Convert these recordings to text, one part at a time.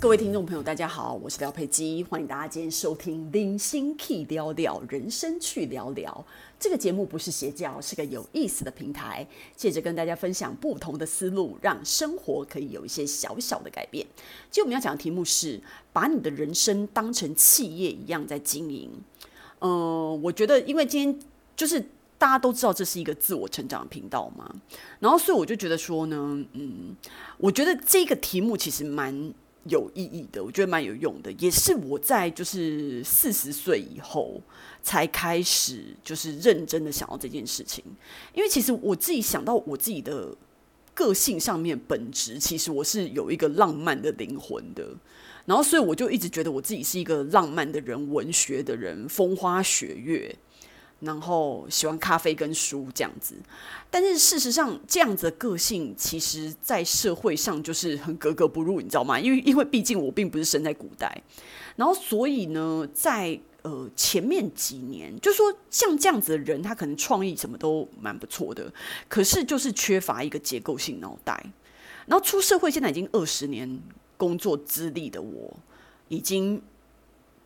各位聽眾朋友，大家好，我是廖姵姬，歡迎大家今天收聽《零星 K 聊聊人生去聊聊》這個節目，不是邪教，是個有意思的平台，借着跟大家分享不同的思路，讓生活可以有一些小小的改變。今天我們要講的題目是：把你的人生當成企業一樣在經營。嗯、呃，我覺得，因為今天就是大家都知道這是一個自我成長的頻道嘛，然後所以我就覺得說呢，嗯，我覺得這個題目其實蠻。有意義的，我覺得蠻有用的，也是我在就是四十歲以後才開始就是認真的想到這件事情，因為其實我自己想到我自己的個性上面本質，其實我是有一個浪漫的靈魂的，然後所以我就一直覺得我自己是一個浪漫的人，文學的人，風花雪月。然後喜歡咖啡跟書這樣子，但是事實上，這樣子的個性其實在社會上就是很格格不入，你知道嗎？因為因為畢竟我並不是生在古代，然後所以呢，在呃前面幾年，就說像這樣子的人，他可能創意什麼都蠻不錯的，可是就是缺乏一個結構性腦袋。然後出社會現在已經二十年工作資歷的我，已經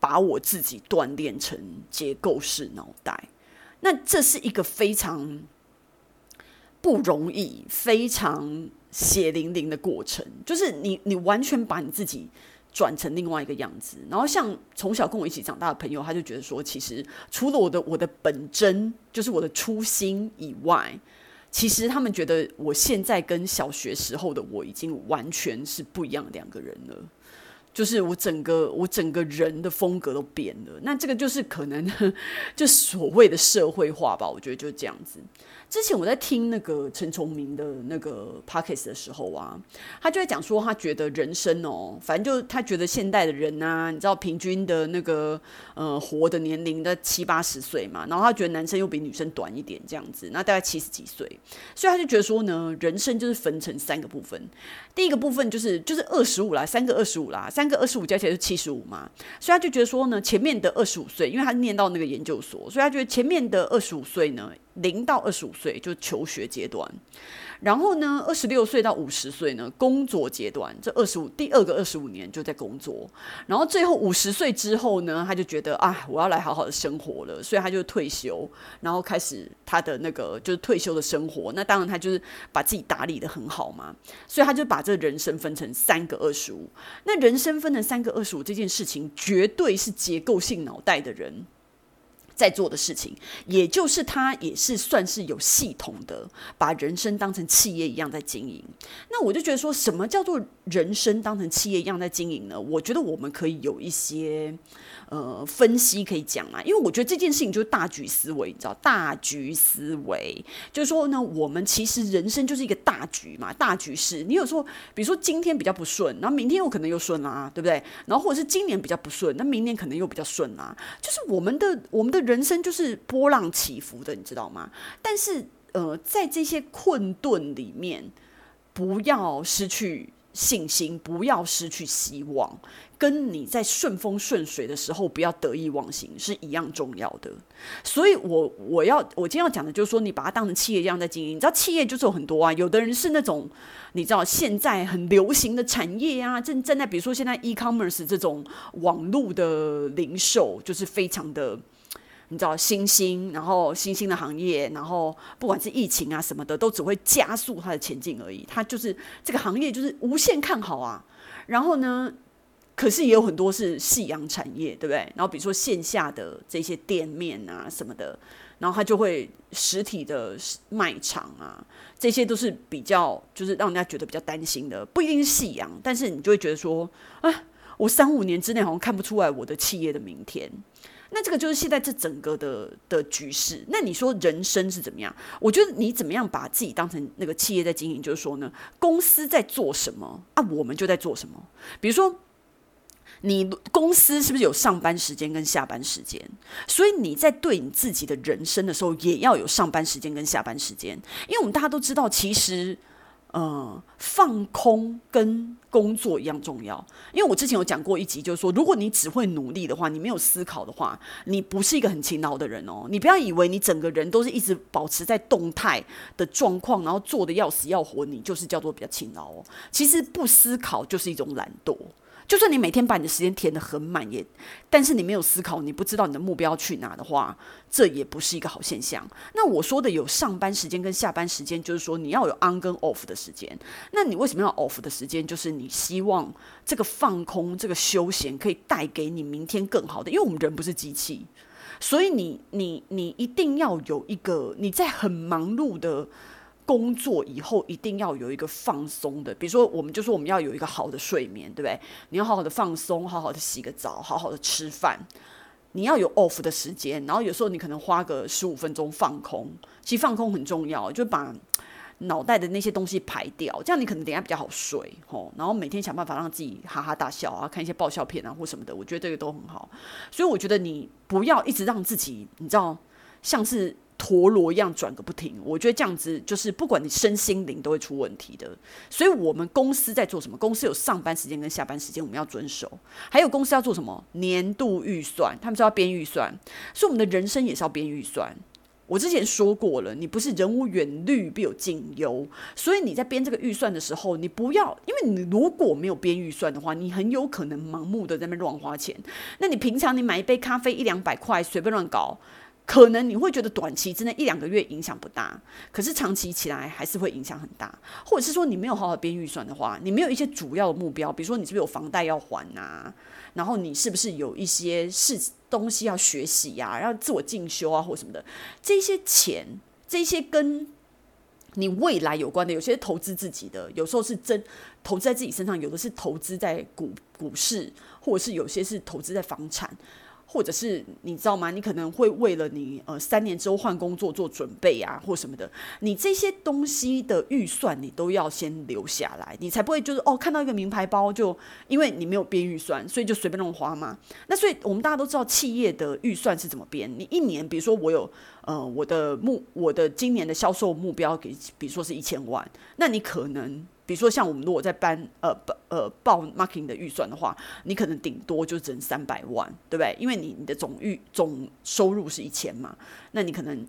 把我自己鍛鍊成結構式腦袋。那這是一個非常不容易、非常血淋淋的過程，就是你你完全把你自己轉成另外一個樣子。然後，像從小跟我一起長大的朋友，他就覺得說，其實除了我的我的本真，就是我的初心以外，其實他們覺得我現在跟小學時候的我已經完全是不一樣的兩個人了。就是我整個我整個人的風格都變了，那這個就是可能呢，就所謂的社會化吧，我覺得就這樣子。之前我在聽那個陳崇明的那個 podcast 的時候啊，他就在講說，他覺得人生哦、喔，反正就他覺得現代的人啊，你知道平均的那個呃活的年齡在七八十歲嘛，然後他覺得男生又比女生短一點，這樣子，那大概七十幾歲，所以他就覺得說呢，人生就是分成三個部分，第一個部分就是就是二十五啦，三個二十五啦，三個二十五加起來是七十五嘛，所以他就覺得說呢，前面的二十五歲，因為他是念到那個研究所，所以他覺得前面的二十五歲呢。零到二十五歲就求學階段，然後呢，二十六歲到五十歲呢，工作階段，這二十五，第二個二十五年就在工作，然後最後五十歲之後呢，他就覺得啊，我要來好好的生活了，所以他就退休，然後開始他的那個就是退休的生活。那當然他就是把自己打理得很好嘛，所以他就把這人生分成三個二十五。那人生分成三個二十五這件事情，絕對是結構性腦袋的人，在做的事情，也就是他也是算是有系統的把人生當成企業一樣在經營。那我就覺得說什麼叫做人生當成企業一樣在經營呢？我覺得我們可以有一些。呃，分析可以講啊。因為我覺得這件事情就是大局思維，你知道，大局思維就是說呢，我們其實人生就是一個大局嘛，大局勢。你有時候，比如說今天比較不順，然後明天有可能又順啦、啊，對不對？然後或者是今年比較不順，那明年可能又比較順啦、啊。就是我們的我們的人生就是波浪起伏的，你知道嗎？但是呃，在這些困頓裡面，不要失去。信心，不要失去希望，跟你在順風順水的時候不要得意忘形是一樣重要的。所以我我要我今天要講的就是說，你把它當成企業一樣在經營。你知道，企業就是有很多啊，有的人是那種你知道現在很流行的產業啊，正正在比如說現在 e-commerce 這種網絡的零售，就是非常的。你知道新興，然後新興的行業，然後不管是疫情啊什麼的，都只會加速它的前進而已。它就是這個行業，就是無限看好啊。然後呢，可是也有很多是夕陽產業，對不對？然後比如說線下的這些店面啊什麼的，然後它就會實體的賣場啊，這些都是比較就是讓人家覺得比較擔心的。不一定是夕陽，但是你就會覺得說啊，我三五年之內好像看不出來我的企業的明天。那這個就是現在這整個的的局勢。那你說人生是怎麼樣？我覺得你怎麼樣把自己當成那個企業在經營，就是說呢，公司在做什麼，啊，我們就在做什麼。比如說，你公司是不是有上班時間跟下班時間？所以你在對你自己的人生的時候，也要有上班時間跟下班時間。因為我們大家都知道，其實。呃、嗯，放空跟工作一樣重要。因為我之前有講過一集，就是說，如果你只會努力的話，你沒有思考的話，你不是一個很勤勞的人哦。你不要以為你整個人都是一直保持在動態的狀況，然後做得要死要活你，你就是叫做比較勤勞哦。其實不思考就是一種懶惰。就算你每天把你的時間填得很滿，也，但是你沒有思考，你不知道你的目標去哪的話，這也不是一個好現象。那我說的有上班時間跟下班時間，就是說你要有 on 跟 off 的時間。那你為什麼要 off 的時間？就是你希望這個放空、這個休閒可以帶給你明天更好的。因為我們人不是機器，所以你、你、你一定要有一個你在很忙碌的。工作以後一定要有一個放鬆的，比如說，我們就說我們要有一個好的睡眠，對不對？你要好好的放鬆，好好的洗個澡，好好的吃飯。你要有 off 的時間，然後有時候你可能花個十五分鐘放空，其實放空很重要，就把腦袋的那些東西排掉，這樣你可能等下比較好睡吼，然後每天想辦法讓自己哈哈大笑啊，看一些爆笑片啊或什麼的，我覺得這個都很好。所以我覺得你不要一直讓自己，你知道，像是。陀螺一樣轉個不停，我覺得這樣子就是不管你身心靈都會出問題的。所以，我們公司在做什麼？公司有上班時間跟下班時間，我們要遵守。還有公司要做什麼？年度預算，他們是要編預算。所以我們的人生也是要編預算。我之前說過了，你不是人無遠慮必有近憂，所以你在編這個預算的時候，你不要，因為你如果沒有編預算的話，你很有可能盲目的在那邊亂花錢。那你平常你買一杯咖啡一兩百塊，隨便亂搞。可能你會覺得短期之內一兩個月影響不大，可是長期起來還是會影響很大。或者是說你沒有好好編預算的話，你沒有一些主要的目標，比如說你是不是有房貸要還吶、啊？然後你是不是有一些是東西要學習呀、啊？然後自我進修啊，或者什麼的，這些錢，這些跟你未來有關的，有些投資自己的，有時候是真投資在自己身上，有的是投資在股股市，或者是有些是投資在房產。或者是你知道嗎？你可能會為了你呃三年之後換工作做準備啊，或什麼的，你這些東西的預算你都要先留下來，你才不會就是哦看到一個名牌包，就因為你沒有編預算，所以就隨便亂花嘛。那所以我們大家都知道企業的預算是怎麼編。你一年，比如說我有呃我的目我的今年的銷售目標給比如說是一千萬，那你可能。比如說，像我們如果在搬呃、呃報呃報 marketing 的預算的話，你可能頂多就只能三百萬，對不對？因為你你的總預總收入是一千嘛，那你可能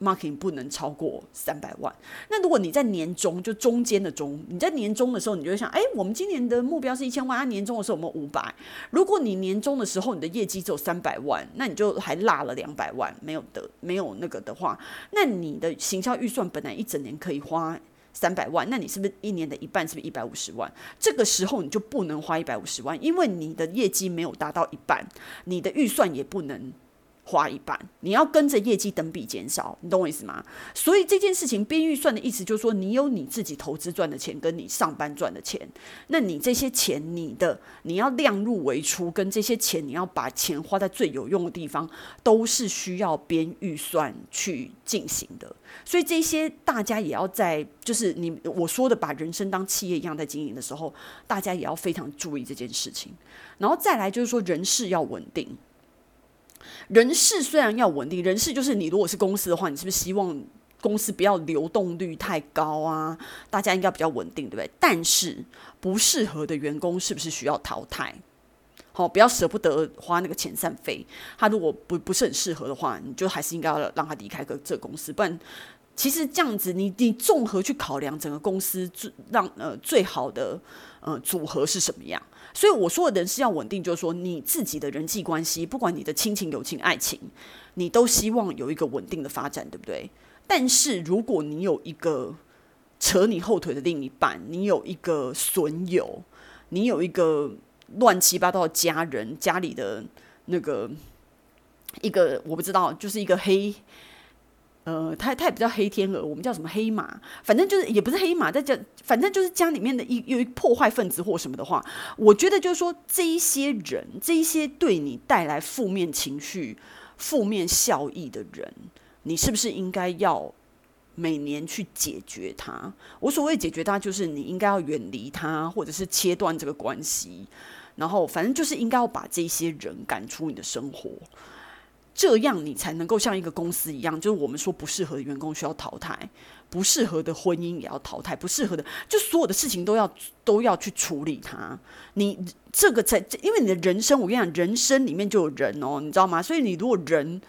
marketing 不能超過三百萬。那如果你在年中就中間的中，你在年中的時候，你就會想，哎、欸，我們今年的目標是一千萬，啊，年中的時候我們五百。如果你年中的時候你的業績只有三百萬，那你就還落了兩百萬沒有的，沒有那個的話，那你的行銷預算本來一整年可以花。三百萬，那你是不是一年的一半？是不是一百五十萬？這個時候你就不能花一百五十萬，因為你的業績沒有達到一半，你的預算也不能花一半，你要跟着業績等比減少，你懂我意思嗎？所以這件事情編預算的意思就是說，你有你自己投資賺的錢，跟你上班賺的錢，那你這些錢，你的你要量入為出，跟這些錢你要把錢花在最有用的地方，都是需要編預算去進行的。所以這些大家也要在，就是你我說的把人生當企業一樣在經營的時候，大家也要非常注意這件事情。然後再來就是說人事要穩定。人事雖然要穩定，人事就是你如果是公司的話，你是不是希望公司不要流動率太高啊？大家應該比較穩定，對不對？但是不適合的員工是不是需要淘汰？好、哦，不要捨不得花那個遣散費。他如果不不是很適合的話，你就還是應該要讓他離開個這個公司，不然其實這樣子你你綜合去考量整個公司最讓呃最好的呃組合是什麼樣？所以我說的人是要穩定，就是說你自己的人際關係，不管你的親情、友情、愛情，你都希望有一個穩定的發展，對不對？但是如果你有一個扯你後腿的另一半，你有一個損友，你有一個亂七八糟的家人，家裡的那個一個我不知道，就是一個黑。呃，他他也不叫黑天鵝，我們叫什麼黑馬？反正就是也不是黑馬，在這反正就是家裡面的一有一破壞分子，或什麼的話，我覺得就是說這一些人，這一些對你帶來負面情緒、負面效益的人，你是不是應該要每年去解決他？我所謂解決他，就是你應該要遠離他，或者是切斷這個關係，然後反正就是應該要把這些人趕出你的生活。這樣你才能夠像一個公司一樣，就是我們說不適合的員工需要淘汰，不適合的婚姻也要淘汰，不適合的就所有的事情都要都要去處理它。你這個在因為你的人生，我跟你講，人生裡面就有人哦，你知道嗎？所以你如果人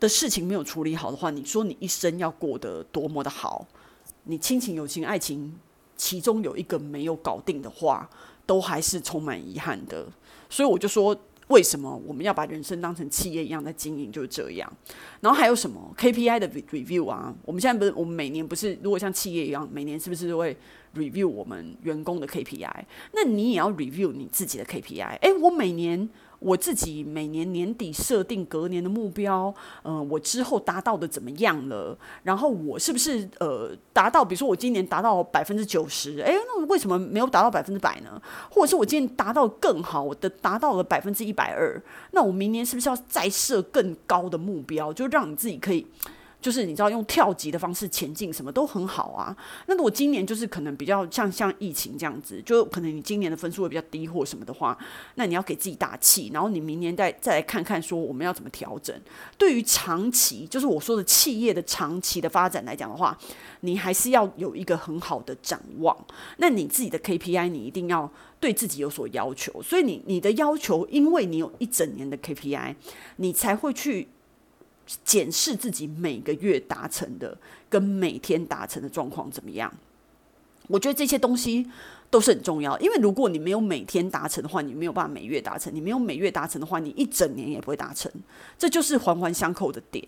的事情沒有處理好的話，你說你一生要過得多麼的好，你親情、友情、愛情其中有一個沒有搞定的話，都還是充滿遺憾的。所以我就說。為什麼我們要把人生當成企業一樣在經營？就是這樣。然後還有什麼 KPI 的 review 啊？我們現在不是我們每年不是如果像企業一樣，每年是不是都會 review 我們員工的 KPI？那你也要 review 你自己的 KPI？誒、欸，我每年。我自己每年年底設定隔年的目標，嗯、呃，我之後達到的怎麼樣了？然後我是不是呃達到？比如說我今年達到百分之九十，哎，那為什麼沒有達到百分之百呢？或者是我今年達到更好的，我達到了百分之一百二，那我明年是不是要再設更高的目標，就讓你自己可以？就是你知道用跳級的方式前進，什麼都很好啊。那我今年就是可能比較像像疫情這樣子，就可能你今年的分數會比較低或什麼的話，那你要給自己打氣，然後你明年再再來看看說我們要怎麼調整。對於長期，就是我說的企業的長期的發展來講的話，你還是要有一個很好的展望。那你自己的 KPI 你一定要對自己有所要求，所以你你的要求，因為你有一整年的 KPI，你才會去。檢視自己每個月達成的跟每天達成的狀況怎麼樣？我覺得這些東西都是很重要，因為如果你沒有每天達成的話，你沒有辦法每月達成；你沒有每月達成的話，你一整年也不會達成。這就是環環相扣的點。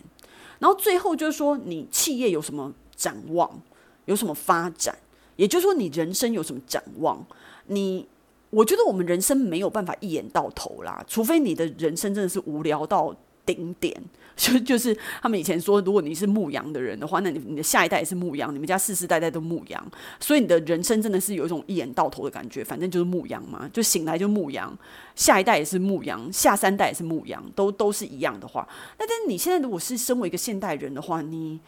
然後最後就是說，你企業有什麼展望，有什麼發展？也就是說，你人生有什麼展望？你我覺得我們人生沒有辦法一眼到頭啦，除非你的人生真的是無聊到。頂點就就是他們以前說，如果你是牧羊的人的話，那你你的下一代也是牧羊，你們家世世代代都牧羊，所以你的人生真的是有一種一眼到頭的感覺，反正就是牧羊嘛，就醒來就牧羊，下一代也是牧羊，下三代也是牧羊，都都是一樣的話，那但是你現在如果是身為一個現代人的話，你。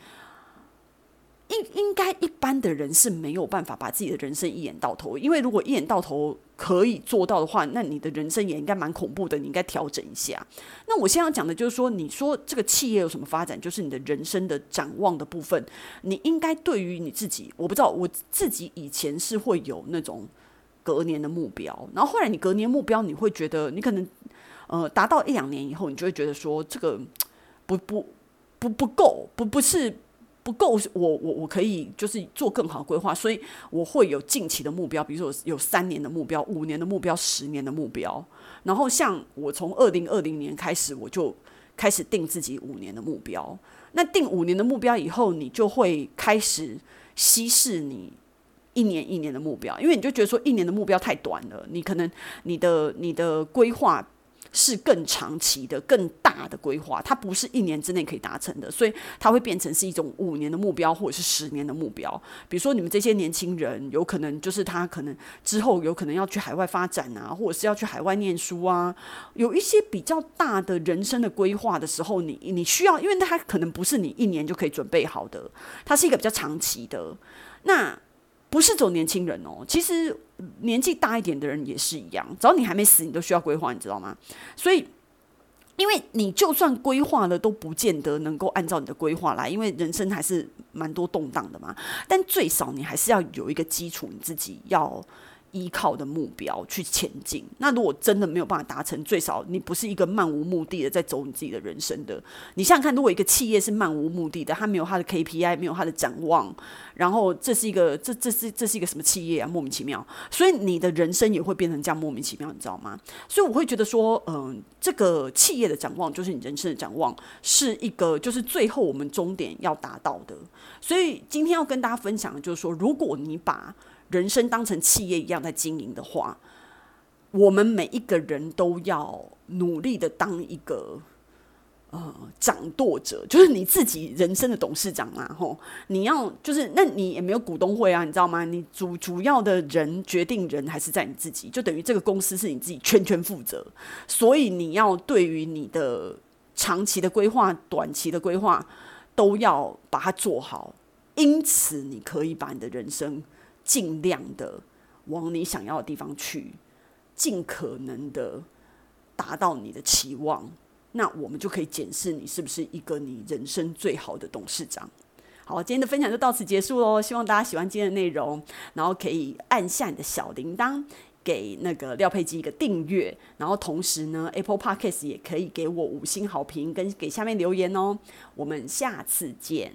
應應該一般的人是沒有辦法把自己的人生一眼到頭，因為如果一眼到頭可以做到的話，那你的人生也應該蠻恐怖的，你應該調整一下。那我現在要講的就是說，你說這個企業有什麼發展，就是你的人生的展望的部分，你應該對於你自己，我不知道我自己以前是會有那種隔年的目標，然後後來你隔年目標，你會覺得你可能呃達到一兩年以後，你就會覺得說這個不不不不夠，不不是。不夠，我我我可以就是做更好的規劃，所以我會有近期的目標，比如說有三年的目標、五年的目標、十年的目標。然後像我從二零二零年開始，我就開始定自己五年的目標。那定五年的目標以後，你就會開始稀釋你一年一年的目標，因為你就覺得說一年的目標太短了，你可能你的你的規劃。是更長期的、更大的規劃，它不是一年之內可以達成的，所以它會變成是一種五年的目標或者是十年的目標。比如說，你們這些年輕人，有可能就是他可能之後有可能要去海外發展啊，或者是要去海外念書啊，有一些比較大的人生的規劃的時候你，你你需要，因為它可能不是你一年就可以準備好的，它是一個比較長期的。那不是只有年輕人哦，其實。年紀大一點的人也是一樣，只要你還沒死，你都需要規劃，你知道嗎？所以，因為你就算規劃了，都不見得能夠按照你的規劃來，因為人生還是蠻多動盪的嘛。但最少你還是要有一個基礎，你自己要。依靠的目標去前進。那如果真的沒有辦法達成，最少你不是一個漫無目的的在走你自己的人生的。你想想看，如果一個企業是漫無目的的，它沒有它的 KPI，沒有它的展望，然後這是一個這這是這是一個什麼企業啊？莫名其妙。所以你的人生也會變成這樣莫名其妙，你知道嗎？所以我會覺得說，嗯、呃，這個企業的展望就是你人生的展望，是一個就是最後我們終點要達到的。所以今天要跟大家分享的就是說，如果你把人生當成企業一樣在經營的話，我們每一個人都要努力的當一個呃掌舵者，就是你自己人生的董事長嘛，吼！你要就是那你也沒有股東會啊，你知道嗎？你主主要的人決定人還是在你自己，就等於這個公司是你自己全權負責，所以你要對於你的長期的規劃、短期的規劃都要把它做好。因此，你可以把你的人生盡量的往你想要的地方去，盡可能的達到你的期望，那我們就可以檢視你是不是一個你人生最好的董事長。好，今天的分享就到此結束嘍，希望大家喜歡今天的內容，然後可以按下你的小鈴鐺，給那個廖姵姬一個訂閱，然後同時呢，Apple Podcasts 也可以給我五星好評跟給下面留言哦、喔。我們下次見。